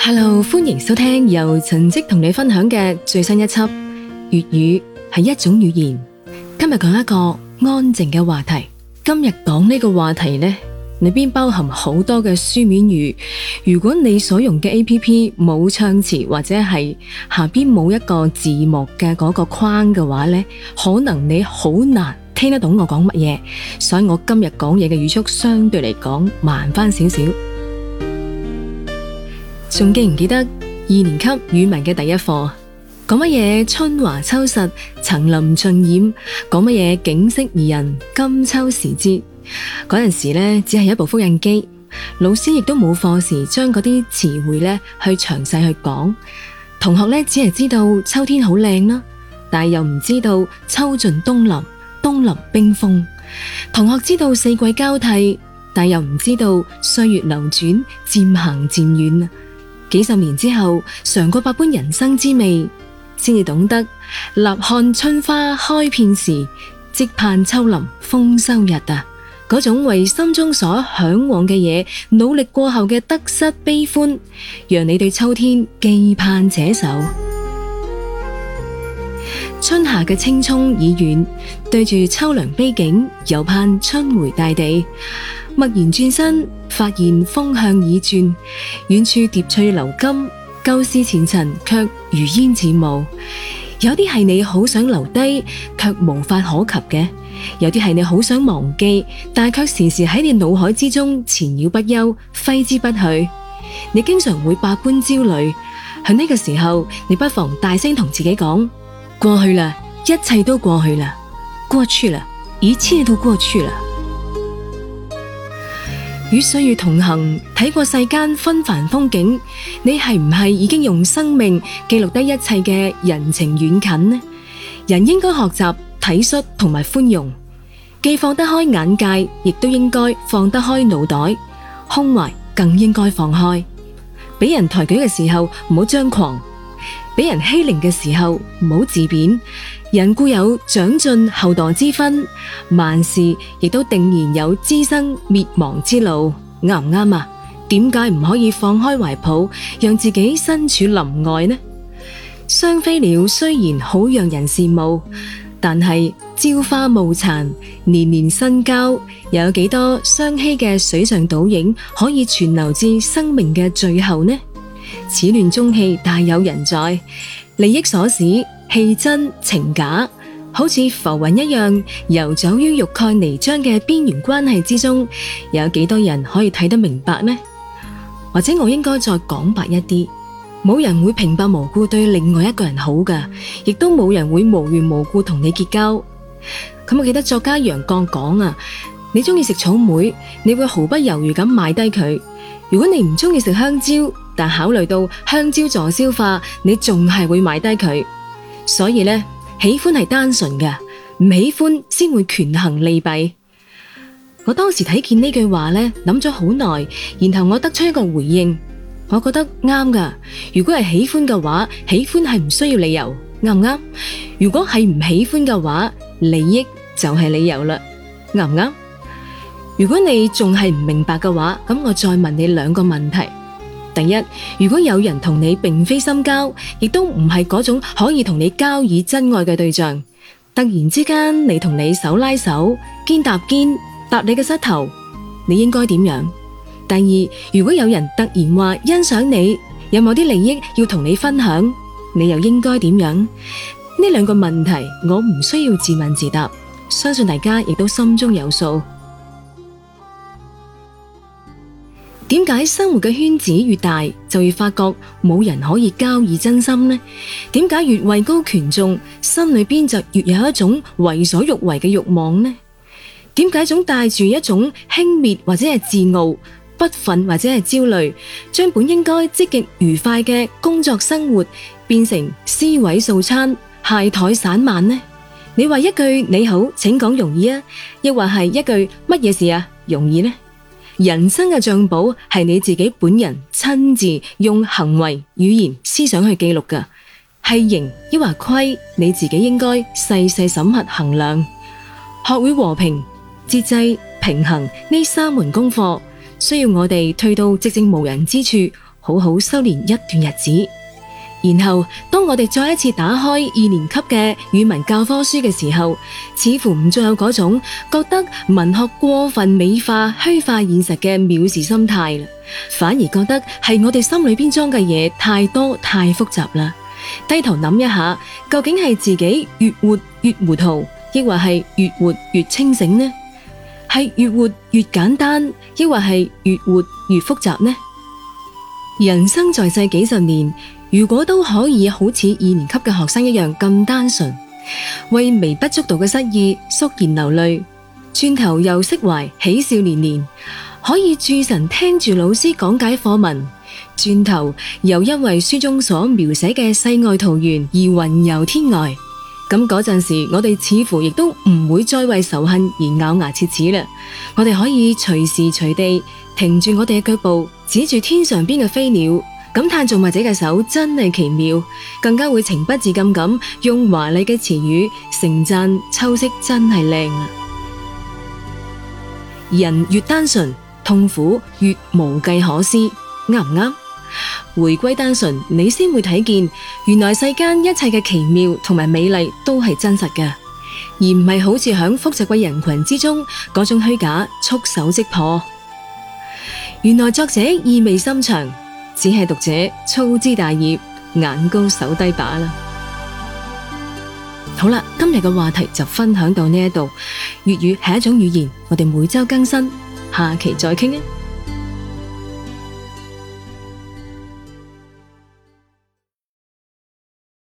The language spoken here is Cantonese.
Hello，歡迎收聽由陳迹同你分享嘅最新一輯，粵語係一種語言。今日講一個安靜嘅話題。今日講呢個話題呢，裏邊包含好多嘅書面語。如果你所用嘅 APP 冇唱詞或者係下邊冇一個字幕嘅嗰個框嘅話呢，可能你好難聽得懂我講乜嘢。所以我今日講嘢嘅語速相對嚟講慢返少少。仲記唔記得二年級語文嘅第一課講乜嘢？春華秋實，層林盡染；講乜嘢景色宜人，金秋時節。嗰陣時呢，只係一部複印機，老師亦都冇課時將嗰啲詞彙呢去詳細去講。同學呢，只係知道秋天好靚啦，但又唔知道秋盡冬臨，冬臨冰封。同學知道四季交替，但又唔知道歲月流轉，漸行漸遠。幾十年之後，嘗過百般人生滋味，先至懂得立看春花開遍時，即盼秋林豐收日啊！嗰種為心中所嚮往嘅嘢，努力過後嘅得失悲歡，讓你對秋天既盼且愁。春夏嘅青蔥已遠，對住秋涼悲景，又盼春回大地。默然轉身。發現風向已轉，遠處疊翠流金，舊事前塵卻如煙似霧。有啲係你好想留低，卻無法可及嘅；有啲係你好想忘記，但係卻時時喺你腦海之中纏繞不休、揮之不去。你經常會百般焦慮，喺呢個時候，你不妨大聲同自己講：過去啦，一切都過去啦，過去啦，一切都過去了。過去了與歲月同行，睇過世間紛繁風景，你係唔係已經用生命記錄低一切嘅人情遠近呢？人應該學習體恤同埋寬容，既放得開眼界，亦都應該放得開腦袋，胸懷更應該放開。俾人抬舉嘅時候，唔好張狂；俾人欺凌嘅時候，唔好自貶。人固有長進後代之分，萬事亦都定然有滋生滅亡之路，啱唔啱啊？點解唔可以放開懷抱，讓自己身處林外呢？雙飛鳥雖然好讓人羨慕，但係朝花暮殘，年年新交，又有幾多雙棲嘅水上倒影可以存留至生命嘅最後呢？此亂中氣大有人在，利益所使。戲真情假，好似浮雲一樣，遊走於欲蓋彌彰嘅邊緣關係之中，有幾多人可以睇得明白呢？或者我應該再講白一啲，冇人會平白無故對另外一個人好㗎，亦都冇人會無緣無故同你結交。咁我記得作家楊絳講啊，你中意食草莓，你會毫不猶豫咁買低佢；如果你唔中意食香蕉，但考慮到香蕉助消化，你仲係會買低佢。所以呢，喜歡係單純嘅，唔喜歡先會權衡利弊。我當時睇見呢句話咧，諗咗好耐，然後我得出一個回應，我覺得啱㗎。如果係喜歡嘅話，喜歡係唔需要理由，啱唔啱？如果係唔喜歡嘅話，利益就係理由啦，啱唔啱？如果你仲係唔明白嘅話，咁我再問你兩個問題。第一，如果有人同你並非深交，亦都唔係嗰種可以同你交以真愛嘅對象，突然之間你同你手拉手、肩搭肩、搭你嘅膝頭，你應該點樣？第二，如果有人突然話欣賞你，有某啲利益要同你分享，你又應該點樣？呢兩個問題，我唔需要自問自答，相信大家亦都心中有數。點解生活嘅圈子越大，就越發覺冇人可以交以真心呢？點解越位高權重，心裏邊就越有一種為所欲為嘅慾望呢？點解總帶住一種輕蔑或者係自傲、不忿或者係焦慮，將本應該積極愉快嘅工作生活變成尸位素餐、懈怠散漫呢？你話一句你好，請講容易啊，亦或係一句乜嘢事啊，容易呢？人生嘅賬簿係你自己本人親自用行為、語言、思想去記錄嘅，係盈抑或虧，你自己應該細細審核衡量，學會和平、節制、平衡呢三門功課，需要我哋退到寂靜無人之處，好好修煉一段日子。然後，當我哋再一次打開二年級嘅語文教科書嘅時候，似乎唔再有嗰種覺得文學過分美化、虛化現實嘅藐視心態。反而覺得係我哋心裏邊裝嘅嘢太多，太複雜啦。低頭諗一下，究竟係自己越活越糊塗，抑或係越活越清醒呢？係越活越簡單，抑或係越活越複雜呢？人生在世幾十年。如果都可以好似二年級嘅學生一樣咁單純，為微不足道嘅失意肅然流淚，轉頭又釋懷，喜笑連連，可以注神聽住老師講解課文，轉頭又因為書中所描寫嘅世外桃源而雲遊天外，咁嗰陣時我哋似乎亦都唔會再為仇恨而咬牙切齒啦，我哋可以隨時隨地停住我哋嘅腳步，指住天上邊嘅飛鳥。感嘆造物者嘅手真係奇妙，更加會情不自禁咁用華麗嘅詞語盛讚秋色真係靚。人越單純，痛苦越無計可施，啱唔啱？回歸單純，你先會睇見，原來世間一切嘅奇妙同埋美麗都係真實嘅，而唔係好似響複雜嘅人群之中嗰種虛假，束手即破。原來作者意味深長。只係讀者粗枝大葉，眼高手低把啦。好啦，今日嘅話題就分享到呢一度。粵語係一種語言，我哋每周更新，下期再傾。